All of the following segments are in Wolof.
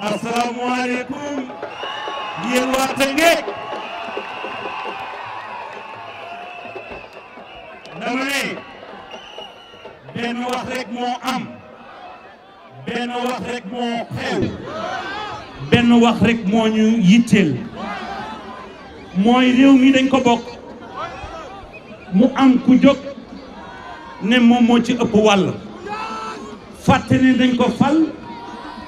asalaamualeykum dama ne benn wax rek moo am benn wax rek moo xew benn wax rek moo ñu yitteel mooy réew mi dañ ko bokk mu am ku jóg ne moom moo ci ëpp wàll fàtte ne dañ ko fal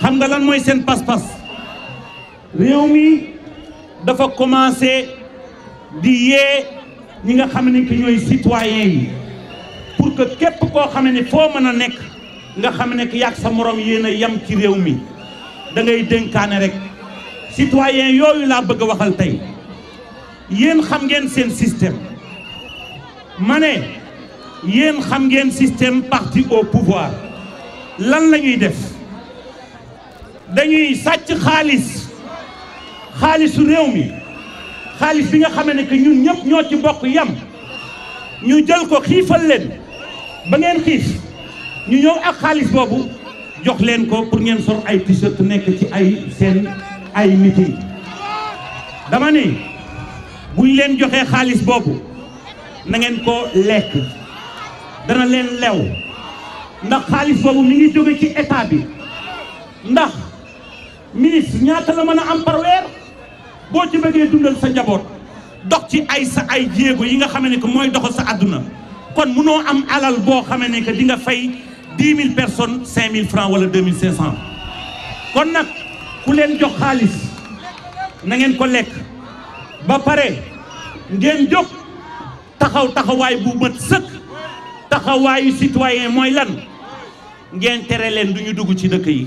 xam nga lan moy sen pas-pas réew mi dafa commencé di yé ñi nga xam ne que ñooy citoyen pour que képp ko xam ne foo mën a nga xam ne que yàgg sa morom yéna yam ci réew mi da ngay dénkaane rek citoyen yoyu la bëgg waxal tay yeen xam ngeen sen système mané yeen xam ngeen système parti au pouvoir lan lañuy def dañuy sàcc xaalis xaalisu réew mi xaalis bi nga xamee ne que ñun ñëpp ñoo ci bokk yam ñu jël ko xiifal leen ba ngeen xiif ñu ñëw ak xaalis boobu jox leen ko pour ngeen sol ay t-shirt nekk ci ay seen ay meeting dama ni buñ leen joxe xaalis boobu na ngeen ko lekk dana leen lew ndax xaalis boobu mi ngi jóge ci état bi ndax ministre ñaata la mën a am par boo ci bëggee dundal sa njaboot dox ci ay sa ay jéego yi nga xam ne que mooy doxal sa àdduna kon munoo am alal boo xam ne que di nga fay dix mille personnes cinq mille francs wala deux kon nag ku leen jox xaalis nangeen ko lekk ba pare ngeen jóg taxaw taxawaay bu mat sëkk taxawaayu citoyen mooy lan ngeen tere leen du ñu dugg ci dëkk yi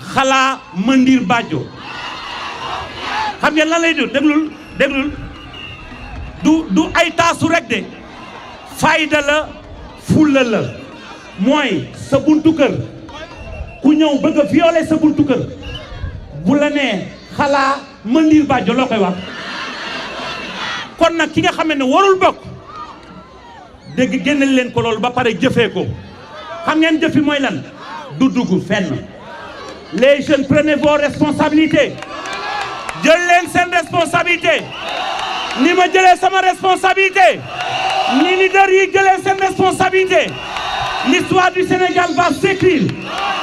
xala mandir bàjjo xam nga lan lay do deglul deglul du du ay tasu rek de fayda la fulla la moy sa buntu keur ku ñew bëgg violer sa buntu keur bu la né xala mandir bàjjo loo koy wax kon nak ki nga xam warul bok deug gënal leen ko lool ba paré jëfé ko xam ngeen jëfi moy lan du duggu fenn les jeunes prenez vos responsabilités Je les une responsabilité ni ma sama responsabilité ni leader je jëlee responsabilités. responsabilité l'histoire du Sénégal va s'écrire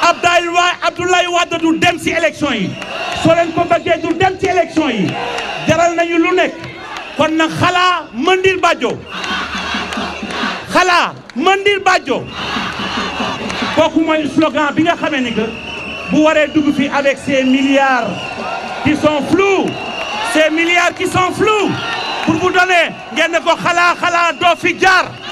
Abdoulaye Abdoulaye Wade du dem ci élection nous sommes dans ko élection yi Mandir Badjo Khala Mandir Badjo slogan vous waree avec ces milliards qui sont flous ces milliards qui sont flous pour vous donner ko Khala, khala,